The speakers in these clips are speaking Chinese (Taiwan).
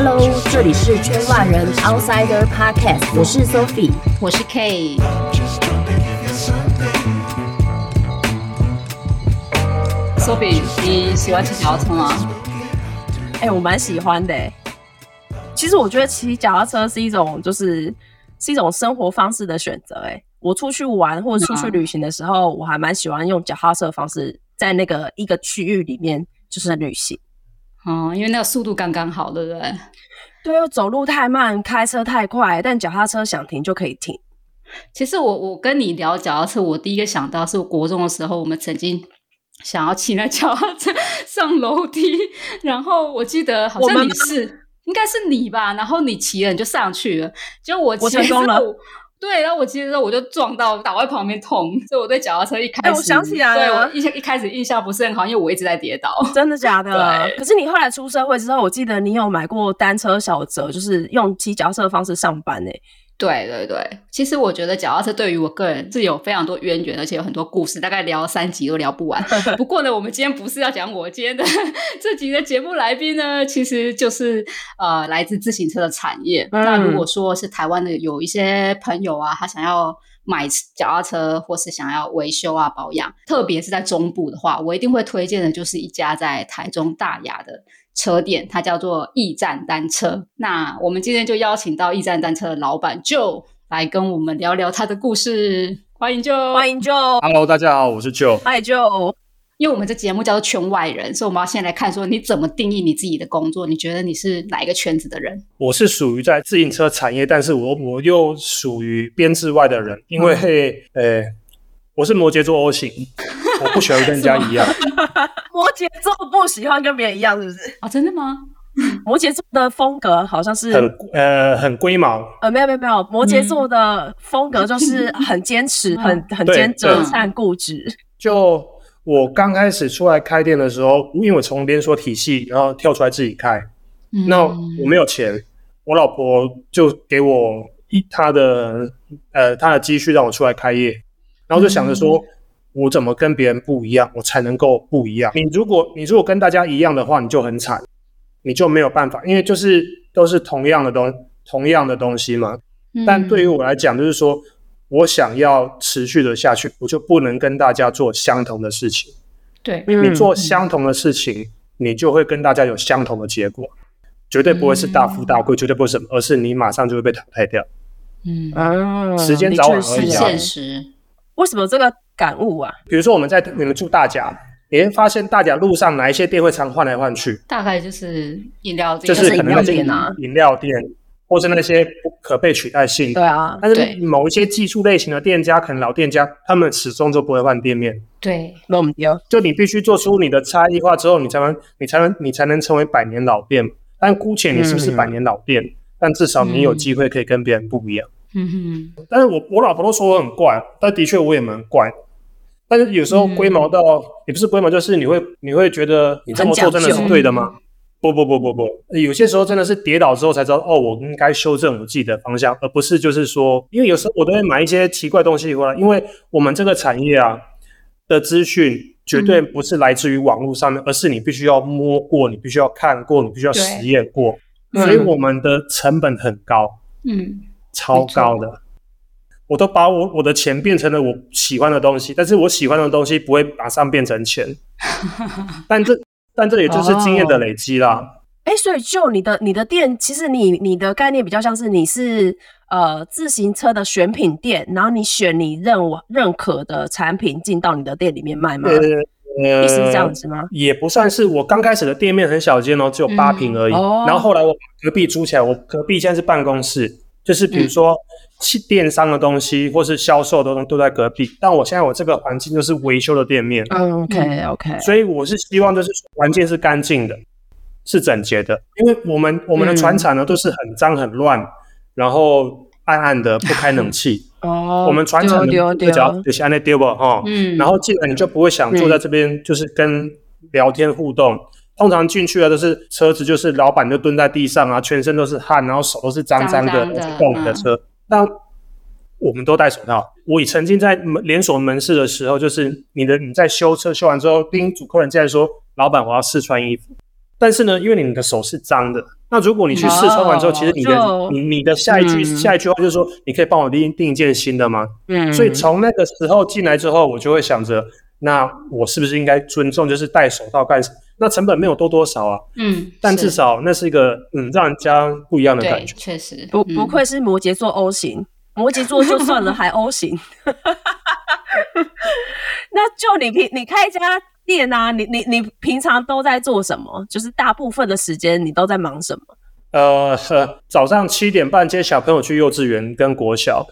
Hello，這裡是圈外人 Outsider Podcast，我是 Sophie，我是 K。Sophie，你喜歡騎腳踏車嗎？哎、欸，我蠻喜歡的、欸。其實我覺得騎腳踏車是一種，就是是一種生活方式的選擇。哎，我出去玩或者出去旅行的時候，嗯、我還蠻喜歡用腳踏車的方式，在那個一個區域裡面就是旅行。哦、嗯，因為那個速度剛剛好，對不對？對哦，走路太慢，開車太快，但腳踏車想停就可以停。其實我我跟你聊腳踏車，我第一個想到是國中的時候，我們曾經想要騎那腳踏車上樓梯，然後我記得好像你是，我們嗎？應該是你吧，然後你騎了你就上去了，就我我成功了。對，然後我騎的時候我就撞到，倒在旁邊痛，所以我對腳踏車一開始、欸，我想起來了，對我一一開始印象不是很好，因為我一直在跌倒，嗯、真的假的？對可是你後來出社會之後，我記得你有買過單車小折，就是用騎腳踏車的方式上班、欸，哎。對對對，其實我覺得腳踏車對於我個人是有非常多淵源，而且有很多故事，大概聊三集都聊不完。 不過呢，我們今天不是要講我，今天的這集的節目來賓呢，其實就是呃來自自行車的產業。嗯。那如果說是台灣的有一些朋友啊，他想要買腳踏車，或是想要維修啊保養，特別是在中部的話，我一定會推薦的就是一家在台中大雅的車店，它叫做驛站單車。那我們今天就邀請到驛站單車的老闆，Joe 來跟我們聊聊他的故事。歡迎 Joe，歡迎 Joe。Hello，大家好，我是 Joe。Hi，Joe。因為我們這節目叫做“圈外人”，所以我們要先來看說，你怎麼定義你自己的工作？你覺得你是哪一個圈子的人？我是屬於在自行車產業，但是我我又屬於編制外的人，因為、嗯、誒，我是摩羯座 O 型。 我不喜歡跟人家一樣，摩羯座不喜歡跟別人一樣，是不是啊、哦？真的嗎？摩羯座的風格好像是很呃很龜毛呃沒有沒有沒有，摩羯座的風格就是很堅持、嗯、很很堅持、很固執。就我剛開始出來開店的時候，因為我從連鎖體系然後跳出來自己開，嗯、那我沒有錢，我老婆就給我一她的呃她的積蓄讓我出來開業，然後就想着說。嗯我怎麼跟別人不一樣，我才能夠不一樣？你如果你如果跟大家一樣的話，你就很慘，你就沒有辦法，因為就是都是同樣的東同樣的東西嘛。嗯、但對於我來講，就是說我想要持續的下去，我就不能跟大家做相同的事情。對，你做相同的事情，嗯、你就會跟大家有相同的結果，絕對不會是大富大貴，嗯、絕對不是什麼，而是你馬上就會被淘汰掉。嗯啊，時間早晚而已。現實為什麼這個？感悟啊，比如說我們在你們住，我們祝大雅，誒，發現大雅路上哪一些店會常換來換去，大概就是飲料店，就是可能飲料店啊，飲料店，或是那些不可被取代性。對啊，但是某一些技術類型的店家，對可能老店家，他們始終就不會換店面，對，那我們要，就你必須做出你的差異化之後你，你才能，你才能，你才能成為百年老店。但姑且你是不是百年老店，嗯嗯，但至少你有機會可以跟別人不一樣。嗯哼、嗯，但是我我老婆都說我很怪，但的確我也蠻怪。但是有時候龜毛到、嗯、也不是龜毛，就是你會你會覺得你這麼做真的是對的嗎？嗯、不不不不不，有些時候真的是跌倒之後才知道，哦，我應該修正我自己的方向，而不是就是說，因為有時候我都會買一些奇怪東西過來，因為我們這個產業啊的資訊絕對不是來自於網絡上面，嗯、而是你必須要摸過，你必須要看過，你必須要實驗過，嗯、所以我們的成本很高，嗯，超高的。我都把我我的錢變成了我喜歡的東西，但是我喜歡的東西不會馬上變成錢， 但這但這也就是經驗的累積啦。哎、哦欸，所以就你的你的店，其實你你的概念比較像是你是呃自行車的選品店，然後你選你認我認可的產品進到你的店裡面賣嗎？意思、呃呃、是這樣子嗎？也不算是，我剛開始的店面很小間哦、喔，只有八坪而已。嗯哦、然後後來我隔壁租起來，我隔壁現在是辦公室。就是比如說，去電商的東西，或是銷售的東西都在隔壁。但我現在我這個環境就是維修的店面。嗯，OK，OK。所以我是希望就是環境是乾淨的，是整潔的。因為我們我們的船廠呢、嗯、都是很髒很亂，然後暗暗的不開冷氣。哦， 我們船廠比較有些那丟吧哈。嗯，然後進來你就不會想坐在這邊，就是跟聊天互動。嗯嗯通常進去了都是車子，就是老闆就蹲在地上啊，全身都是汗，然後手都是髒髒的，弄你的，的車。那、嗯、我們都戴手套。我已曾經在連鎖門市的時候，就是你的你在修車修完之後，第一組客人進來說：“老闆，我要試穿衣服。”但是呢，因為你的手是髒的，那如果你去試穿完之後，哦、其實你的你就你的下一句、嗯、下一句話就是說：“你可以幫我訂訂一件新的嗎？”嗯，所以從那個時候進來之後，我就會想着，那我是不是應該尊重，就是戴手套幹什麼？那成本沒有多多少啊，嗯，但至少那是一個是嗯讓人家不一樣的感覺，確實，嗯、不不愧是摩羯座 O 型，摩羯座就算了，還 O 型， 那就你平你開一家店吶、啊，你你你平常都在做什麼？就是大部分的時間你都在忙什麼？呃，呃，早上七點半接小朋友去幼稚園跟國小。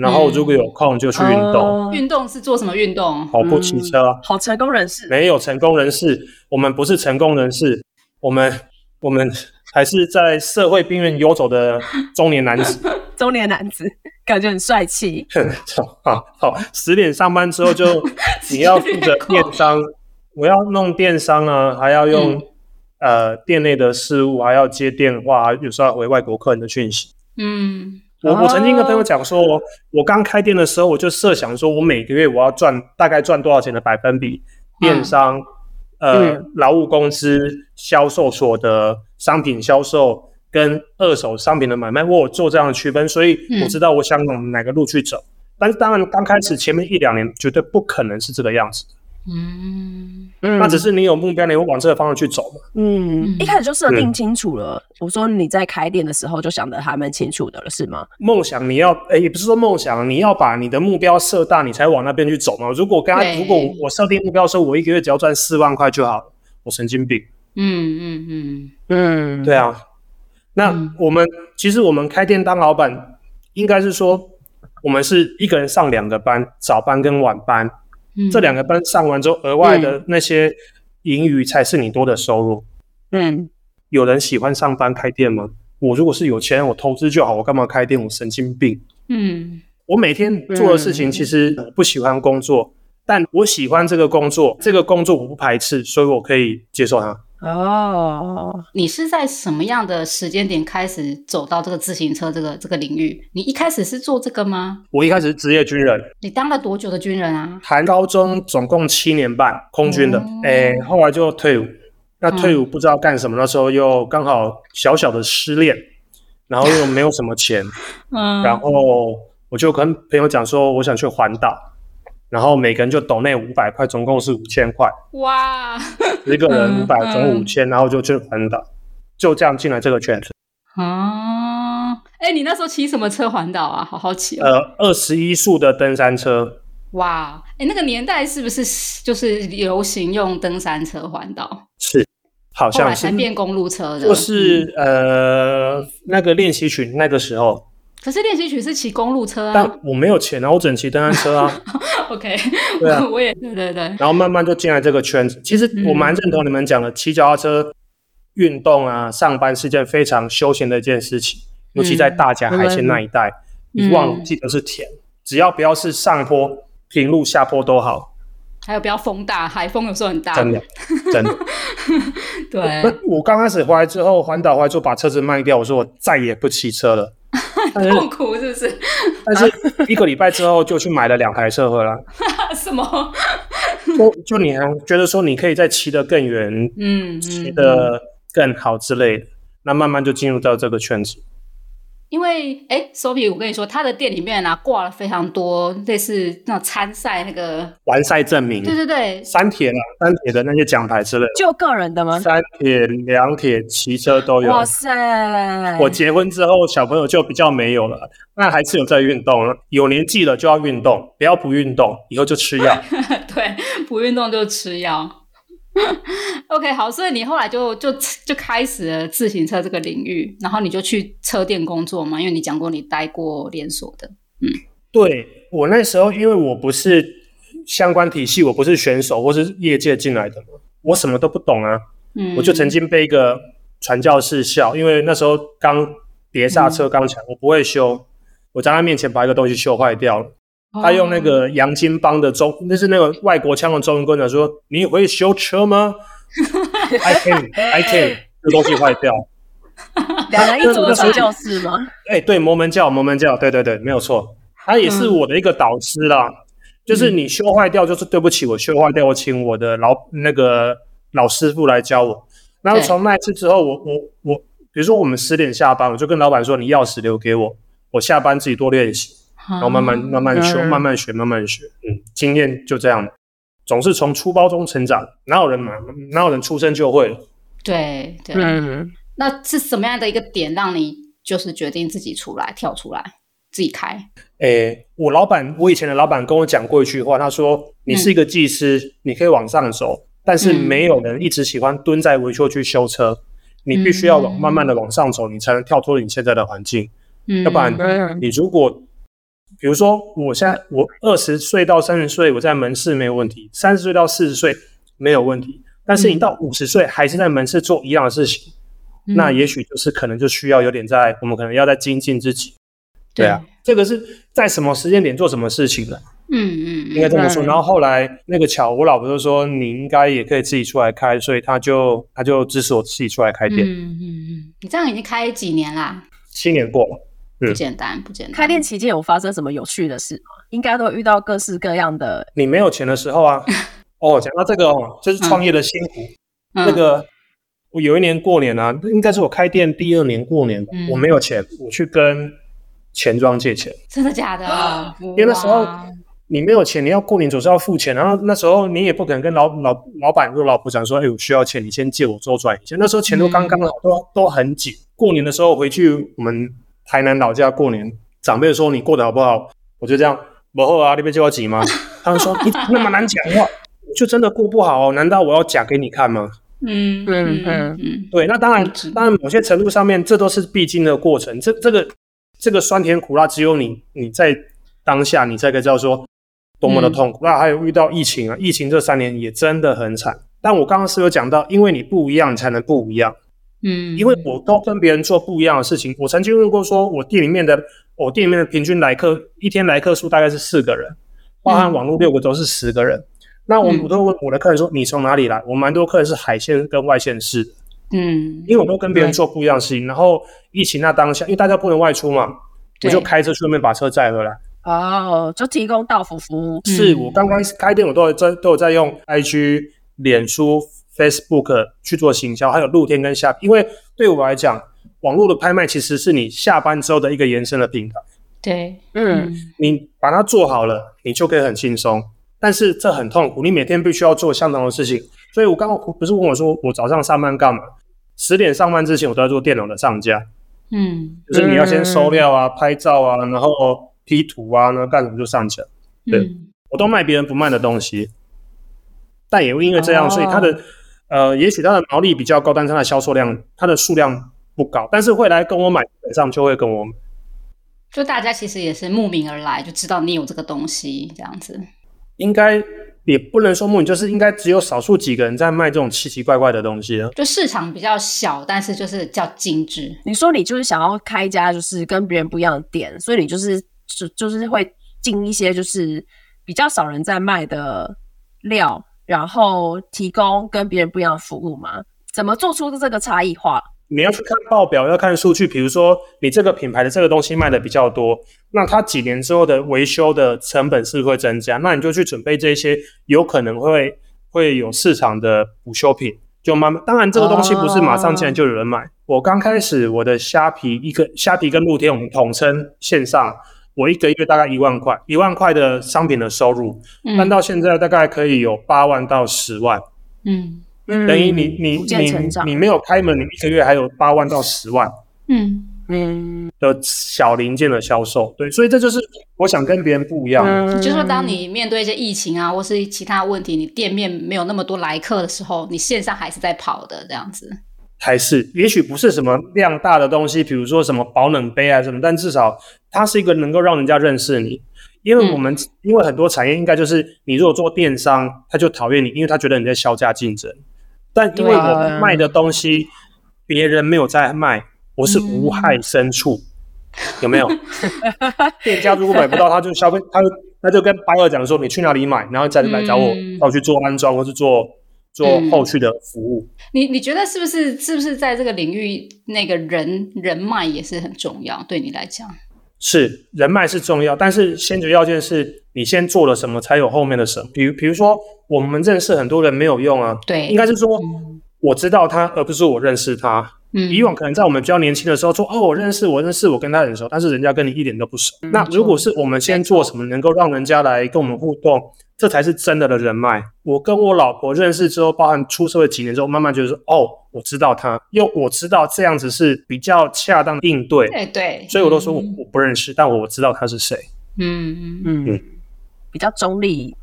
然後如果有空就去運動。運動是做什麼運動？跑、呃、步、騎車。嗯、好，成功人士沒有成功人士，我們不是成功人士，我們我們還是在社會邊緣游走的中年男子。 中年男子感覺很帥氣。 好，好，十點上班之後就 10 你要負責電商， 10 我要弄電商啊，還要用、嗯、呃店內的事務，還要接電話，有時候要回外國客人的訊息。嗯。我我曾經跟朋友講說我，oh. 我剛開店的時候，我就設想說，我每個月我要賺大概賺多少錢的百分比，電商，嗯、呃，嗯、勞務公司銷售所得、商品銷售跟二手商品的買賣，我有做這樣的區分，所以我知道我想往哪個路去走。嗯、但是當然，剛開始前面一兩年、嗯、絕對不可能是這個樣子。嗯，那只是你有目標，你會往這個方向去走嘛？嗯，一開始就設定清楚了。嗯、我說你在開店的時候就想得還蠻清楚的了，是嗎？夢想你要，哎、欸，也不是說夢想，你要把你的目標設大，你才往那邊去走嘛。如果剛剛對如果我設定目標的時候，我一個月只要賺四萬塊就好，我神經病。嗯嗯嗯嗯，嗯嗯對啊。那我們、嗯、其實我們開店當老闆，應該是說我們是一個人上兩個班，早班跟晚班。這兩個班上完之後，額外的那些盈餘，才是你多的收入。嗯對，有人喜歡上班開店嗎？我如果是有錢，我投資就好，我幹嘛開店？我神經病。嗯，我每天做的事情其實對、呃、不喜歡工作。但我喜歡這個工作，這個工作我不排斥，所以我可以接受它。哦，你是在什麼樣的時間點開始走到這個自行車這個這個領域？你一開始是做這個嗎？我一開始是職業軍人。你當了多久的軍人啊？含高中總共七年半，空軍的，哎、嗯欸，後來就退伍。那退伍不知道幹什麼，那時候又剛好小小的失戀，然後又沒有什麼錢， 嗯，然後我就跟朋友講說，我想去環島。然後每個人就抖那五百塊，總共是五千塊。哇！ 一個人五百，總五千，然後就去環島，嗯嗯就這樣進來這個圈子。啊、嗯，哎、欸，你那時候騎什麼車環島啊？好好騎、喔、呃，二十一速的登山車。嗯、哇，誒、欸、那個年代是不是就是流行用登山車環島？是，好像是。後來才變公路車的。就是呃，嗯、那個練習群那個時候。可是練習曲是騎公路車啊，但我沒有錢、啊，然後我只能騎登山車啊。 OK，啊我也對對對。然後慢慢就進來這個圈子。其實我蠻認同你們講的，騎腳、嗯、踏車運動啊，上班是件非常休閒的一件事情。嗯、尤其在大甲海線那一帶，嗯、忘記得是田，只要不要是上坡、平路、下坡都好。還有不要風大，海風有時候很大。真的，真的。 對。我剛開始回來之後，環島回來就把車子賣掉。我說我再也不騎車了。很痛苦是不是？但是一個禮拜之後就去買了兩台車回來。 什麼？就就你還、啊，覺得說你可以再騎得更遠，嗯，騎得更好之類的，嗯、那慢慢就進入到這個圈子。因為，哎，Sophie，我跟你說，他的店裡面呢、啊、掛了非常多類似那種參賽那個完賽證明，對對對，三鐵啊，三鐵的那些獎牌之類的，就個人的嗎？三鐵、兩鐵、騎車都有。哇塞！我結婚之後，來來來來小朋友就比較沒有了，那還是有在運動。有年紀了就要運動，不要不運動，以後就吃藥。 對，不運動就吃藥。 OK，好，所以你後來就就就開始了自行車這個領域，然後你就去車店工作嘛，因為你講過你待過連鎖的，嗯，對，我那時候因為我不是相關體系，我不是選手或是業界進來的嘛，我什麼都不懂啊，嗯，我就曾經被一個傳教士笑，因為那時候剛別剎車剛強，嗯、我不會修，我在他面前把一個東西修壞掉了。Oh. 他用那個洋涇浜的中，那是那個外國腔的中文歌呢說：“你會修車嗎？” I can, I can。 這東西壞掉。兩人一組的傳教士嗎？哎，對，摩門教，摩門教，對對對，沒有錯。他也是我的一個導師啦。嗯、就是你修壞掉，就是對不起我，我修壞掉，我請我的老那個老師傅來教我。然後從那一次之後，我我我，比如說我們十點下班，我就跟老闆說：“你鑰匙留給我，我下班自己多練習。”然後慢慢慢慢學，嗯、慢慢學，慢慢學，嗯，經驗就這樣，總是從出包中成長。哪有人嘛，哪有人出生就會？對對。對。嗯。那是什麼樣的一個點讓你就是決定自己出來跳出來自己開？誒、欸，我老板，我以前的老板跟我講過一句話，他說：“嗯、你是一個技師，你可以往上走，但是沒有人一直喜歡蹲在維修區修車。嗯、你必須要往、嗯、慢慢的往上走，你才能跳脫你現在的環境。嗯、要不然、嗯、你如果。”比如說，我現在我二十歲到三十歲，我在門市沒有問題；三十歲到四十歲沒有問題，但是你到五十歲還是在門市做一樣的事情，嗯、那也許就是可能就需要有點在我們可能要在精進自己。嗯、對啊，對這個是在什麼時間點做什麼事情的、嗯？嗯嗯，應該這麼說。對。然後後來那個巧，我老婆就說你應該也可以自己出來開，所以他就他就支持我自己出來開店。嗯嗯嗯，你這樣已經開幾年啦、啊？七年過了。不簡單，不簡單。嗯、開店期間有發生什麼有趣的事嗎？應該都遇到各式各樣的。你沒有錢的時候啊， 哦，講到這個哦，就是創業的辛苦。那、嗯這個我有一年過年啊，應該是我開店第二年過年，嗯、我沒有錢，我去跟錢莊借錢。真的假的？啊、因為那時候哇你沒有錢，你要過年總是要付錢，然後那時候你也不可能跟老老老闆跟老闆講說，哎、欸，我需要錢，你先借我周轉一下。那時候錢都剛剛好，嗯、都都很緊。過年的時候回去我們。台南老家過年，長輩說你過得好不好？我就這樣，不好啊，那邊就要擠嗎？ 他們說你那麼難講話，就真的過不好？哦，難道我要講給你看嗎？嗯嗯嗯嗯，嗯嗯對，嗯、那當然，當然，某些程度上面，這都是必經的過程。這這個這個酸甜苦辣，只有你你在當下，你才可以說多麼的痛苦。那、嗯、還有遇到疫情啊，疫情這三年也真的很慘。但我剛剛是有講到，因為你不一樣，你才能不一樣。嗯，因為我都跟別人做不一樣的事情。我曾經問過說，我店裡面的我店裡面的平均來客一天來客數大概是四個人，包含網絡六個都是十個人。嗯、那我我都問我的客人說，你從哪裡來？我蠻多客人是海線跟外縣市的。嗯，因為我都跟別人做不一樣的事情。嗯、然後疫情那當下，因為大家不能外出嘛，對我就開車出去把車載回來。哦，就提供到府服務。是、嗯、我剛開始開店，我都在都有在用 IG 臉書。Facebook 去做行銷，還有露天跟蝦，因為對我來講，網絡的拍賣其實是你下班之後的一個延伸的平台。對，嗯，你把它做好了，你就可以很輕鬆。但是這很痛苦，你每天必須要做相同的事情。所以我剛剛不是問我說，我早上上班幹嘛？十點上班之前，我都要做電腦的上架。嗯，就是你要先收料啊，拍照啊，然後 P 圖啊，那幹什麼就上去了。對、嗯、我都賣別人不賣的東西，但也會因為這樣，哦、所以他的。呃，也許他的毛利比較高，但是他的銷售量，它的數量不高，但是會來跟我買，基本上就會跟我。就大家其實也是慕名而來，就知道你有這個東西，這樣子。應該也不能說慕名，就是應該只有少數幾個人在賣這種奇奇怪怪的東西哦，就市場比較小，但是就是叫精緻。你說你就是想要開一家就是跟別人不一樣的店，所以你就是就就是會進一些就是比較少人在賣的料。然後提供跟別人不一樣的服務嗎？怎麼做出這個差異化？你要去看報表，要看數據。比如說，你這個品牌的這個東西賣的比較多，那它幾年之後的維修的成本是不是會增加？那你就去準備這些有可能會會有市場的補修品，就慢慢。當然，這個東西不是馬上進來就有人買。哦，我剛開始，我的蝦皮，一個蝦皮跟露天，我們統稱線上。我一個月大概一萬塊，一萬塊的商品的收入，但、嗯、到現在大概可以有八萬到十萬，嗯，等於你、嗯、你你你，你沒有開門，你一個月還有八萬到十萬，嗯嗯的小零件的銷售，對，所以這就是我想跟別人不一樣的，嗯、就是說當你面對一些疫情啊，或是其他問題，你店面沒有那麼多來客的時候，你線上還是在跑的這樣子。還是，也許不是什麼量大的東西，比如說什麼保冷杯啊什麼，但至少它是一個能夠讓人家認識你，因為我們、嗯、因為很多產業應該就是，你如果做電商，他就討厭你，因為他覺得你在削價競爭。但因為我們賣的東西別、啊、人沒有在賣，我是無害深處。嗯、有沒有？ 店家如果買不到，他就消費，他就他就跟 b u 講說你去哪裡買，然後再來找我，讓、嗯、我去做安裝或是做。做後續的服務，嗯、你你覺得是不是是不是在這個領域那個人人脈也是很重要？對你來講，是，人脈是重要，但是先決要件是你先做了什麼，才有後面的什麼。比如比如說，我們認識很多人沒有用啊，對、嗯，應該是說我知道他，而不是我認識他。以往可能在我們比較年輕的時候說，哦，我認識我認識我跟他很熟，但是人家跟你一點都不熟。嗯、那如果是我們先做什麼，能夠讓人家來跟我們互動，嗯、這才是真的的人脈。我跟我老婆認識之後，包含出社會幾年之後，慢慢就是哦，我知道他，因為我知道這樣子是比較恰當的應對。對對，所以我都說我我不認識，嗯、但我知道他是誰。嗯嗯嗯，嗯嗯比較中立。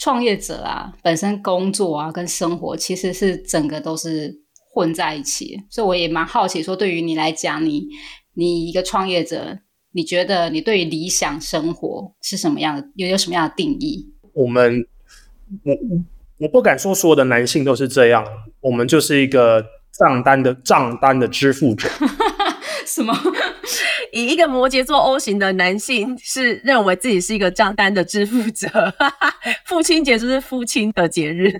創業者啊，本身工作啊跟生活其實是整個都是。混在一起，所以我也蠻好奇，說對於你來講，你你一個創業者，你覺得你對於理想生活是什麼樣的？有有什麼樣的定義？我們，我我不敢說所有的男性都是這樣，我們就是一個賬單的賬單的支付者。 什麼？以一個摩羯座 O 型的男性是認為自己是一個賬單的支付者， 父親節就是父親的節日，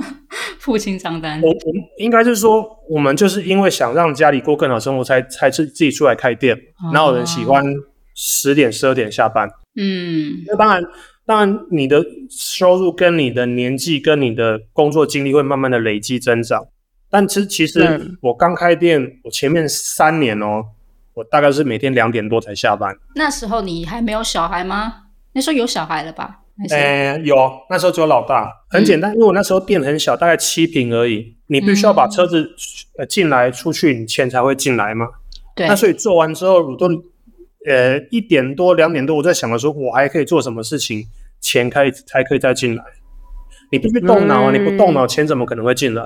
父親賬單。我我應該是說，我們就是因為想讓家裡過更好生活才，才才自自己出來開店。哪、嗯、有人喜歡十點十二點下班？嗯，那當然，當然你的收入跟你的年紀跟你的工作經歷會慢慢的累積增長。但其實，其實我剛開店，嗯、我前面三年哦、喔，我大概是每天兩點多才下班。那時候你還沒有小孩嗎？那時候有小孩了吧？哎、欸，有，那時候只有老大。很簡單，嗯、因為我那時候店很小，大概七坪而已。你必須要把車子進、嗯呃、來出去，你錢才會進來嘛。對。那所以做完之後，我都呃一點多、兩點多，我在想的時候，我還可以做什麼事情，錢可以才可以再進來？你必須動腦啊！嗯、你不動腦，錢怎麼可能會進來？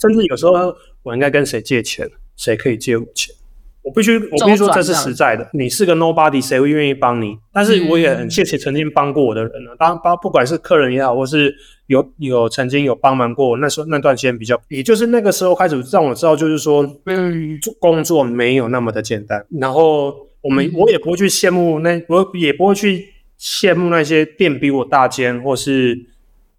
甚至有時候，我應該跟誰借錢，誰可以借我錢？我必須，我必須說這是實在的。你是個 nobody，誰會願意幫你？但是我也很謝謝曾經幫過我的人啊，幫幫、嗯、不管是客人也好，或是有有曾經有幫忙過我。那時候那段時間比較，也就是那個時候開始讓我知道，就是說，嗯，工作沒有那麼的簡單。然後我們我也不會去羨慕那，我也不會去羨慕那些店比我大間，或是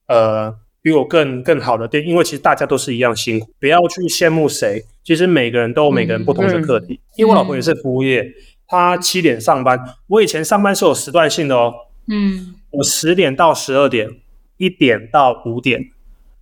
呃。比我更更好的店，因為其實大家都是一樣辛苦，不要去羨慕誰。其實每個人都有每個人不同的課題。嗯、因為我老婆也是服務業，她七、嗯、點上班。我以前上班是有時段性的哦。嗯。我十點到十二點，一點到五點，嗯、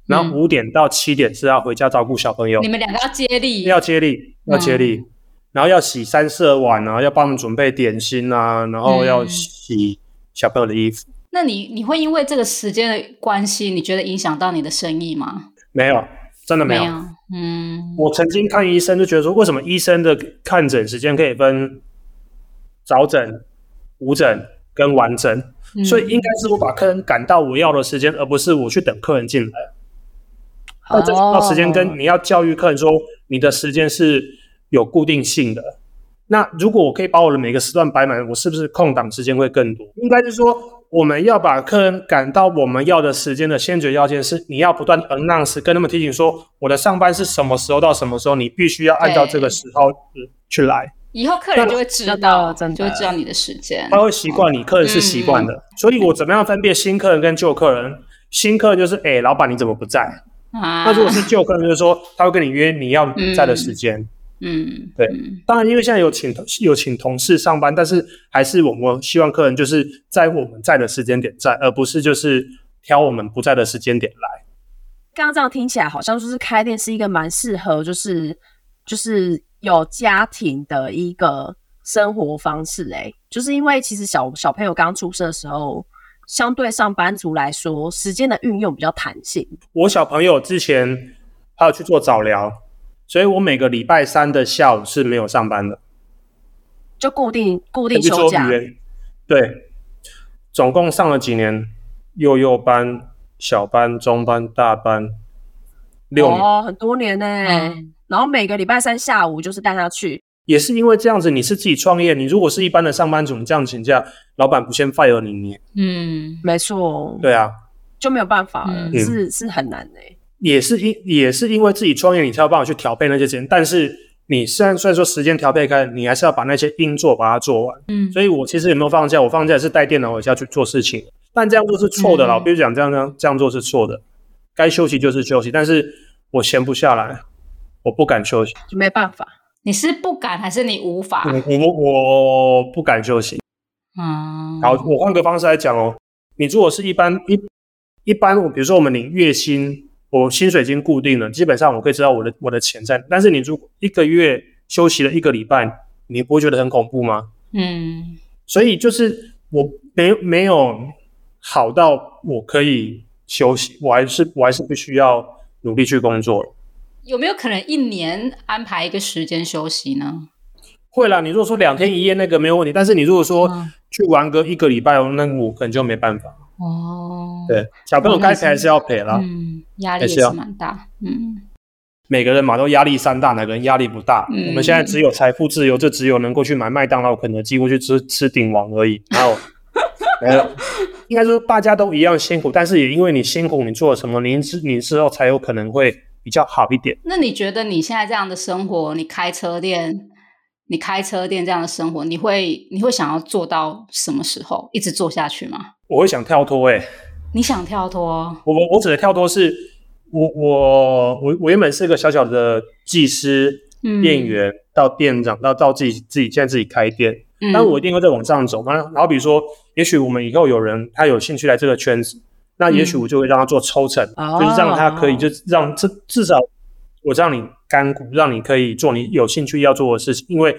然後五點到七點是要回家照顧小朋友。你們兩個要接力。要接力，要接力，嗯、然後要洗三色碗啊，要幫我們準備點心啊，然後要洗小朋友的衣服。那你你會因為這個時間的關係，你覺得影響到你的生意嗎？沒有，真的沒有。沒有嗯，我曾經看醫生就覺得說，為什麼醫生的看診時間可以分早診、午診跟晚診？嗯、所以應該是我把客人趕到我要的時間，而不是我去等客人進來。那時間跟你要教育客人說，你的時間是有固定性的。那如果我可以把我的每個時段擺滿，我是不是空檔時間會更多？應該是說，我們要把客人趕到我們要的時間的先決要件是，你要不斷 announce，跟他們提醒說我的上班是什麼時候到什麼時候，你必須要按照這個時候去來。以後客人就會知道，真的就會知道你的時間，他會習慣你。客人是習慣的，嗯、所以我怎麼樣分辨新客人跟舊客人？新客人就是哎、欸，老闆你怎麼不在？啊、那如果是舊客人，就是說他會跟你約你要不在的時間。嗯嗯，對，嗯、當然，因為現在有請有請同事上班，但是還是我們希望客人就是在我們在的時間點在，而不是就是挑我們不在的時間點來。剛剛這樣聽起來，好像就是開店是一個蠻適合，就是就是有家庭的一個生活方式嘞、欸。就是因為其實小小朋友剛出生的時候，相對上班族來說，時間的運用比較彈性。我小朋友之前還有去做早療。所以我每個禮拜三的下午是沒有上班的，就固定固定休假年。對，總共上了幾年，幼幼班、小班、中班、大班，六年哦，很多年呢、欸。嗯、然後每個禮拜三下午就是帶他去。也是因為這樣子，你是自己創業，你如果是一般的上班族，你這樣請假，老闆不先 fire 你，你，嗯，沒錯，對啊，就沒有辦法了，嗯、是是很難哎、欸。也是因也是因為自己創業，你才有辦法去調配那些錢。但是你雖然雖然說時間調配開，你還是要把那些工作把它做完。嗯，所以我其實也沒有放假，我放假也是帶電腦回家去做事情。但這樣做是錯的啦，嗯、比如講這樣這樣這樣做是錯的，該休息就是休息。但是我閒不下來，我不敢休息，就沒辦法。你是不敢還是你無法？我我我不敢休息。嗯，好，我換個方式來講哦、喔，你如果是一般一一般我，比如說我們領月薪。我薪水已經固定了，基本上我可以知道我的我的錢在。但是你如果一個月休息了一個禮拜，你不會覺得很恐怖嗎？嗯。所以就是我沒沒有好到我可以休息，我還是我還是必須要努力去工作。有沒有可能一年安排一個時間休息呢？會啦，你如果說兩天一夜那個沒有問題，但是你如果說去玩個一個禮拜哦，嗯。那我可能就沒辦法。哦，對，小朋友該賠還是要賠了，哦、嗯，壓力是蠻大，嗯，每個人嘛都壓力山大，哪個人壓力不大？嗯、我們現在只有財富自由，就只有能夠去買麥當勞、肯德基，或去吃吃鼎王而已，沒有， 沒有，應該說大家都一樣辛苦，但是也因為你辛苦，你做了什麼，你之你之後才有可能會比較好一點。那你覺得你現在這樣的生活，你開車店，你開車店這樣的生活，你會你會想要做到什麼時候，一直做下去嗎？我會想跳脫誒、欸，你想跳脫？我我我指的跳脫是，我我我我原本是一個小小的技師、嗯、店員，到店長，到到自己自己現在自己開店，嗯、但我一定會再往上走嘛。然後比如說，也許我們以後有人他有興趣來這個圈子，嗯、那也許我就會讓他做抽成，嗯、就是讓他可以、哦、就讓至至少我讓你乾股，讓你可以做你有興趣要做的事情，因為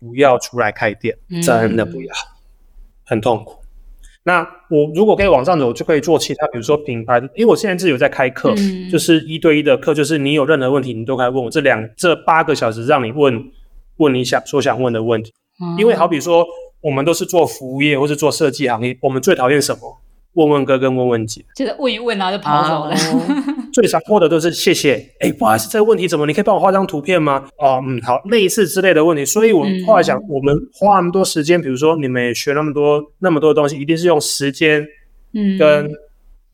不要出來開店，真的不要，嗯、很痛苦。那我如果可以往上走，就可以做其他，比如說品牌，因為我現在自己有在開課，嗯、就是一對一的課，就是你有任何問題，你都可以問我。這兩這八個小時，讓你問問你想所想問的問題，嗯、因為好比說我們都是做服務業或是做設計行業，我們最討厭什麼？問問哥跟問問姐，就是問一問然、啊、後就跑走了。Uh oh. 最常獲得都是謝謝，哎、欸，不好意思，這個問題怎麼？你可以幫我畫張圖片嗎？哦，嗯，好，類似之類的問題。所以我後來想，嗯、我們花那麼多時間，比如說你們也學那麼多那麼多東西，一定是用時間，嗯，跟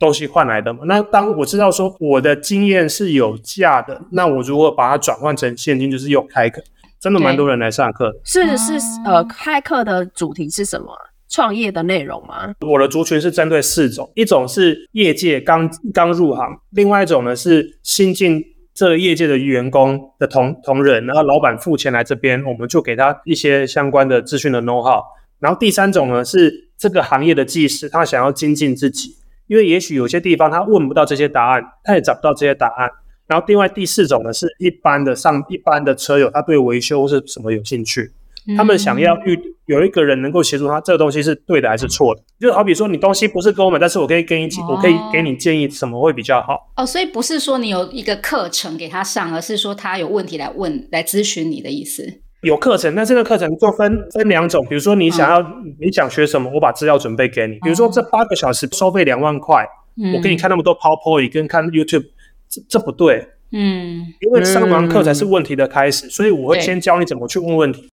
東西換來的嘛。嗯、那當我知道說我的經驗是有價的，那我如果把它轉換成現金，就是用開課，真的蠻多人來上課。是是，是呃，開課的主題是什麼？創業的內容嗎？我的族群是針對四種，一種是業界剛剛入行，另外一種呢，是新進這個這業界的員工的同同仁，然後老闆付錢來這邊，我們就給他一些相關的資訊的 know-how。然後第三種呢，是這個行業的技師，他想要精進自己，因為也許有些地方他問不到這些答案，他也找不到這些答案。然後另外第四種呢，是一般的上一般的車友，他對維修是什麼有興趣。他們想要遇有一個人能夠協助他，這個東西是對的還是錯的？就好比說，你東西不是給我買，但是我可以給你哇我可以給你建議什麼會比較好哦。所以不是說你有一個課程給他上，而是說他有問題來問、來諮詢你的意思。有課程，那這個課程就分分兩種，比如說你想要、哦、你想學什麼，我把資料準備給你。哦、比如說這八個小時收費兩萬塊，嗯、我給你看那麼多 PowerPoint 跟看 YouTube，這這不對，嗯，因為上完課才是問題的開始，嗯、所以我會先教你怎麼去問問題。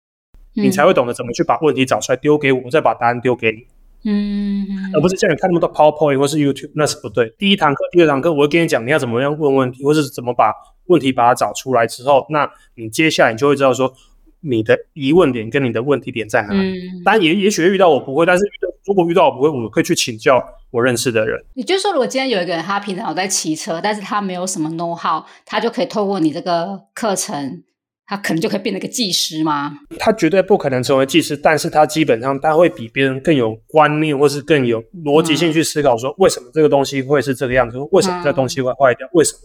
你才會懂得怎麼去把問題找出來，丟給我，我再把答案丟給你。嗯，嗯，而不是像你看那麼多 PowerPoint 或是 YouTube，那是不對。第一堂課、第二堂課，我會跟你講你要怎麼樣問問題，或是怎麼把問題把它找出來之後，那你接下來你就會知道說你的疑問點跟你的問題點在哪裡。當然、嗯、也也許會遇到我不會，但是如果遇到我不會，我可以去請教我認識的人。也就是說，如果今天有一個人他平常有在騎車，但是他沒有什麼 know-how，他就可以透過你這個課程。他可能就可以變成個技師嗎？他絕對不可能成為技師，但是他基本上他會比別人更有觀念，或是更有邏輯性去思考，說為什麼這個東西會是這個樣子，嗯、為什麼這東西會壞掉，嗯、為什麼？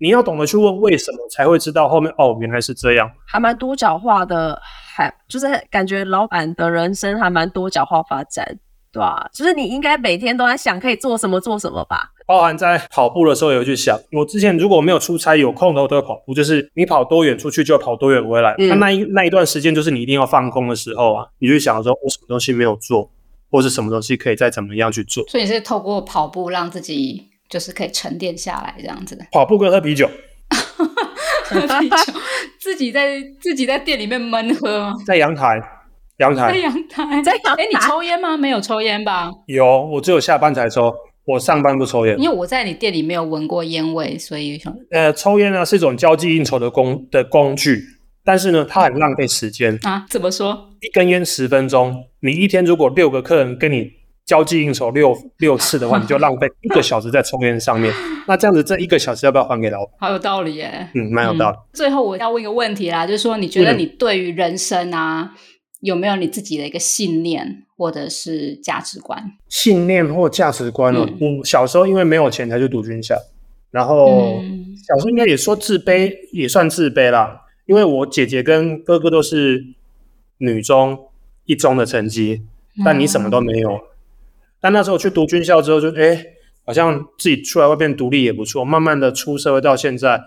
你要懂得去問為什麼，才會知道後面哦，原來是這樣。還蠻多角化的，還就是感覺老闆的人生還蠻多角化發展，對吧、啊？就是你應該每天都在想可以做什麼，做什麼吧。包含在跑步的時候有一句，有去想我之前如果沒有出差有空的，我都會跑步，就是你跑多遠出去，就跑多遠回來。那、嗯、那一那一段時間，就是你一定要放空的時候啊，你就想說我什麼東西沒有做，或者是什麼東西可以再怎麼樣去做。所以你是透過跑步讓自己就是可以沉澱下來這樣子的。跑步跟喝啤酒，喝啤酒自己在自己在店裡面悶喝嗎？在陽台，陽台，陽台，在陽台。哎，你抽煙嗎？沒有抽煙吧？有，我只有下班才抽。我上班不抽菸，因為我在你店裡沒有聞過菸味，所以想，呃，抽菸呢是一種交際應酬的工的工具，但是呢，它很浪費時間啊。怎麼說？一根菸十分鐘，你一天如果六個客人跟你交際應酬六六次的話，你就浪費一個小時在抽菸上面。 那這樣子這一個小時要不要還給老板？好有道理耶、欸，嗯，蠻有道理、嗯。最後我要問一個問題啦，就是說你覺得你對於人生啊？嗯有沒有你自己的一個信念或者是價值觀？信念或價值觀、哦、嗯、我小時候因為沒有錢才去讀軍校，然後小時候應該也說自卑，也算自卑啦，因為我姐姐跟哥哥都是女中一中的成績，但你什麼都沒有。嗯、但那時候去讀軍校之後就，就、欸、哎，好像自己出來外面獨立也不錯。慢慢的出社會到現在。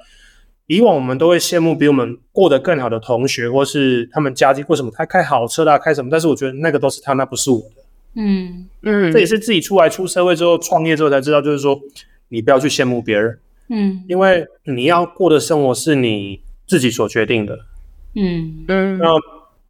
以往我們都會羨慕比我們過得更好的同學，或是他們家境，為什麼他開好車啦、啊，開什麼？但是我覺得那個都是他，那不是我的。嗯嗯，嗯，這也是自己出來出社會之後，創業之後才知道，就是說你不要去羨慕別人。嗯，因為你要過的生活是你自己所決定的。嗯嗯，那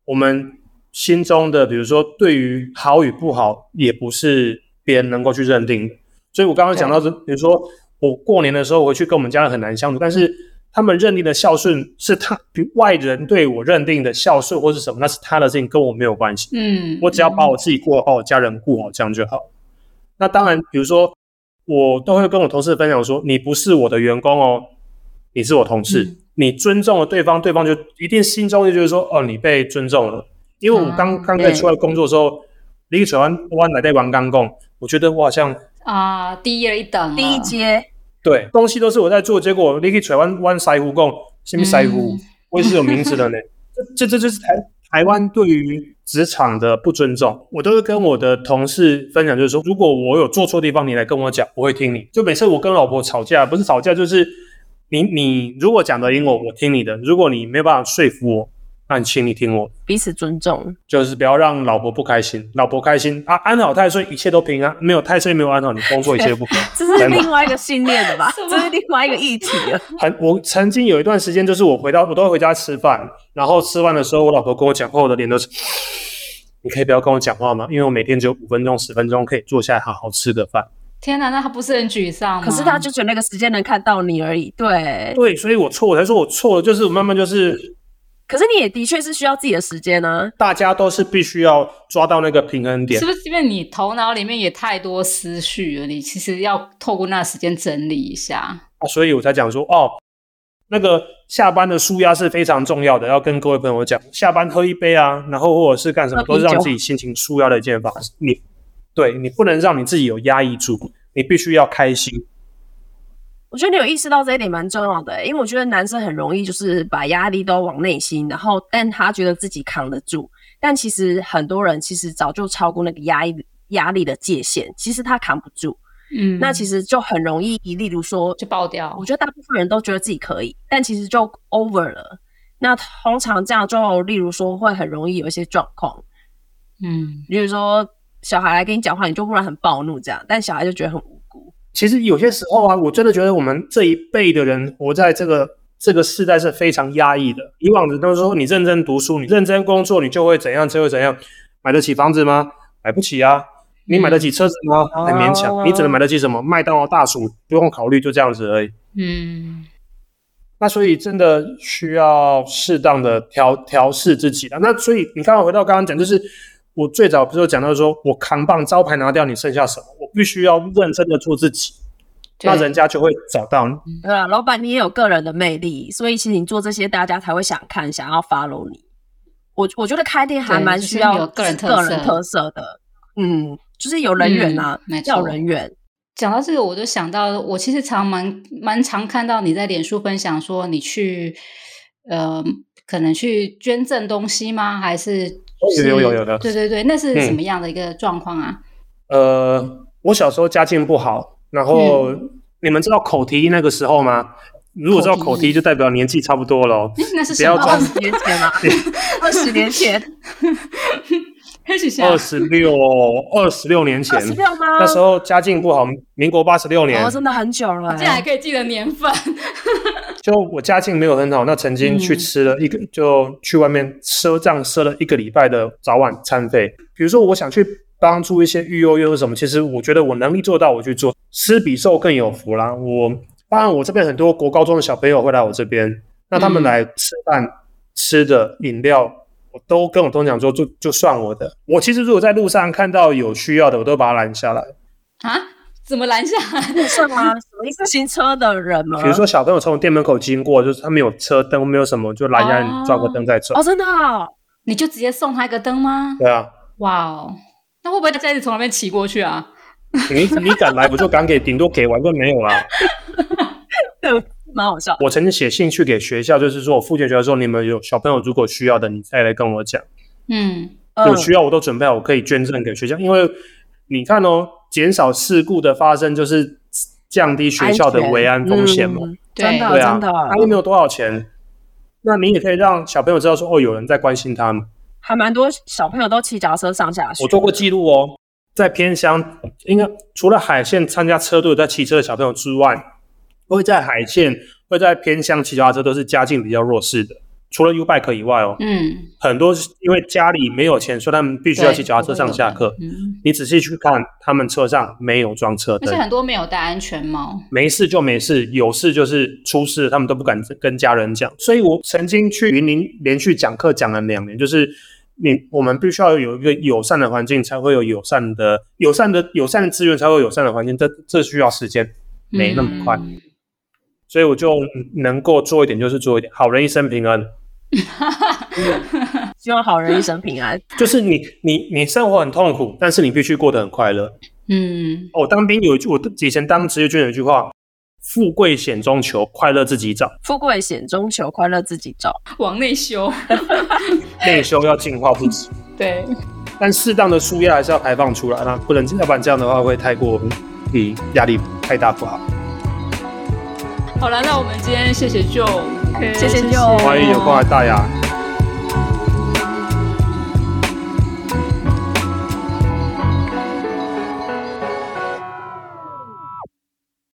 我們心中的，比如說對於好與不好，也不是別人能夠去認定。所以我剛剛講到這，嗯、比如說我過年的時候回去跟我們家人很難相處，但是。他們認定的孝順是他比外人對我認定的孝順或是什麼，那是他的事情，跟我沒有關係。嗯，我只要把我自己過好，嗯、把我家人過好，這樣就好。那當然，比如說我都會跟我同事分享說：“你不是我的員工哦，你是我同事。嗯、你尊重了對方，對方就一定心中就覺得說：哦，你被尊重了。”因為我剛、嗯、剛在出來工作的時候，李水安、王奶奶、玩剛共，我覺得我好像啊，低人、嗯、一、一等，低一階。對，東西都是我在做，結果你去台灣灣塞呼講，什麼塞呼，嗯、我也是有名字的呢。 這、這、這、就是台台灣對於職場的不尊重。我都是跟我的同事分享，就是說，如果我有做錯地方，你來跟我講，我會聽你。就每次我跟老婆吵架，不是吵架就是你你，如果講的贏我，我聽你的；如果你沒有辦法說服我。那、啊、請你聽我，彼此尊重，就是不要讓老婆不開心，老婆開心啊，安好太歲一切都平安，啊。沒有太歲沒有安好，你工作一切都不平 這是另外一個信念的吧？ 這是另外一個議題了，啊。很， 我曾經有一段時間，就是我回到，我都會回家吃飯，然後吃完的時候，我老婆跟我講話，我，我的臉都是。 你可以不要跟我講話嗎？因為我每天只有五分鐘、十分鐘可以坐下來好好吃個飯。天哪，啊，那他不是很沮喪嗎？可是他就只有那個時間能看到你而已。對對，所以我錯，我才說我錯了，就是我慢慢就是。可是你也的確是需要自己的時間啊！大家都是必須要抓到那個平衡點，是不是？因為你頭腦裡面也太多思緒了，你其實要透過那個時間整理一下，啊，所以我才講說，哦，那個下班的舒壓是非常重要的，要跟各位朋友講，下班喝一杯啊，然後或者是幹什麼，都是讓自己心情舒壓的一件法事。你對你不能讓你自己有壓抑住，你必須要開心。我覺得你有意識到這一點蠻重要的欸，因為我覺得男生很容易就是把壓力都往內心，然後但他覺得自己扛得住，但其實很多人其實早就超過那個壓壓力的界限，其實他扛不住。嗯，那其實就很容易，例如說就爆掉。我覺得大部分人都覺得自己可以，但其實就 over 了。那通常這樣就例如說會很容易有一些狀況，嗯，例如說小孩來跟你講話，你就忽然很暴怒這樣，但小孩就覺得很。其實有些時候啊，我真的覺得我們這一輩的人活在這個這個世代是非常壓抑的。以往人都說你認真讀書，你認真工作，你就會怎樣，就會怎樣。買得起房子嗎？買不起啊。你買得起車子嗎？很、嗯、勉強。啊、你只能買得起什麼？麥當勞大薯，不用考慮，就這樣子而已。嗯。那所以真的需要適當的調調試自己了、啊。那所以你剛剛回到剛剛講，就是我最早不是有講到是說我扛棒招牌拿掉，你剩下什麼？必須要認真的做自己，對那人家就會找到你。嗯、對啊，老闆，你也有個人的魅力，所以其實你做這些，大家才會想看，想要 follow 你。我我覺得開店還蠻需要、就是、有個人特色，特色的，嗯，就是有人緣啊，嗯、要人緣。講到這個，我就想到，我其實常蠻蠻常看到你在臉書分享說你去，呃，可能去捐贈東西嗎？還是，是有，有，有，有有有的。對對對，那是什麼樣的一個狀況啊、嗯？呃。我小時候家境不好，然後、嗯、你們知道口蹄疫那個時候嗎？如果知道口蹄疫，就代表年紀差不多了。蹄不要，那是多十年前啊？二十 年前，二十年，二十六，二十六年前。二十六嗎？那時候家境不好，民國八十六年、哦，真的很久了，竟然還可以記得年份。 就我家境沒有很好，那曾經去吃了一個，嗯、就去外面賒賬賒了一個禮拜的早晚餐費。比如說，我想去幫助一些育幼兒園什麼，其實我覺得我能力做到，我去做，施比受更有福啦。我當然，我這邊很多國高中的小朋友會來我這邊，嗯、那他們來吃飯吃的飲料，我都跟我同講說就，就就算我的。我其實如果在路上看到有需要的，我都把它攔下來啊。怎麼攔下？是嗎？什麼自行車的人嗎？比如說小朋友從店門口經過，就是他沒有車燈，沒有什麼就攔下你，裝個燈在這哦，真的啊、哦？你就直接送他一個燈嗎？對啊。哇哦、wow，那會不會他再從那邊騎過去啊？ 你你敢來，我就敢給，頂多給完就沒有了、啊。哈哈， 蠻好笑。我曾經寫信去給學校，就是說我附近學校說你們有小朋友如果需要的，你再來跟我講。嗯，有、呃、需要我都準備好，我可以捐贈給學校，嗯、因為你看哦。減少事故的發生，就是降低學校的危安風險嘛？對啊，他又、啊、沒有多少錢？那您也可以讓小朋友知道說，哦，有人在關心他嗎？還蠻多小朋友都騎腳踏車上下學。我做過記錄哦，在偏鄉，應該除了海線參加車隊在騎車的小朋友之外，會在海線會在偏鄉騎腳踏車，都是家境比較弱勢的。除了 Ubike 以外哦，嗯，很多是因為家裡沒有錢，所以他們必須要騎腳踏車上下課。嗯，你仔細去看，他們車上沒有裝車燈，而且很多沒有戴安全帽。沒事就沒事，有事就是出事，他們都不敢跟家人講。所以我曾經去雲林連續講課講了兩年，就是你，我們必須要有一個友善的環境，才會有友善的，善的，善的友善的友善的資源，才會有友善的環境。這這需要時間，沒那麼快，嗯、所以我就能夠做一點就是做一點，好人一生平安。 嗯、希望好人一生平安。 就是你，你，你生活很痛苦，但是你必須過得很快樂。嗯，我、哦、當兵有一句，我以前當職業軍人有一句話：“富貴險中求，快樂自己找。”富貴險中求，快樂自己找。往內內修，內 修要淨化不止。欸、 對，但適當的疏壓還是要排放出來、啊，那不能，要不然這樣的話會太過，壓力太大不好。好了，那我們今天謝謝 Joe。謝謝，okay, 歡迎有空來大雅。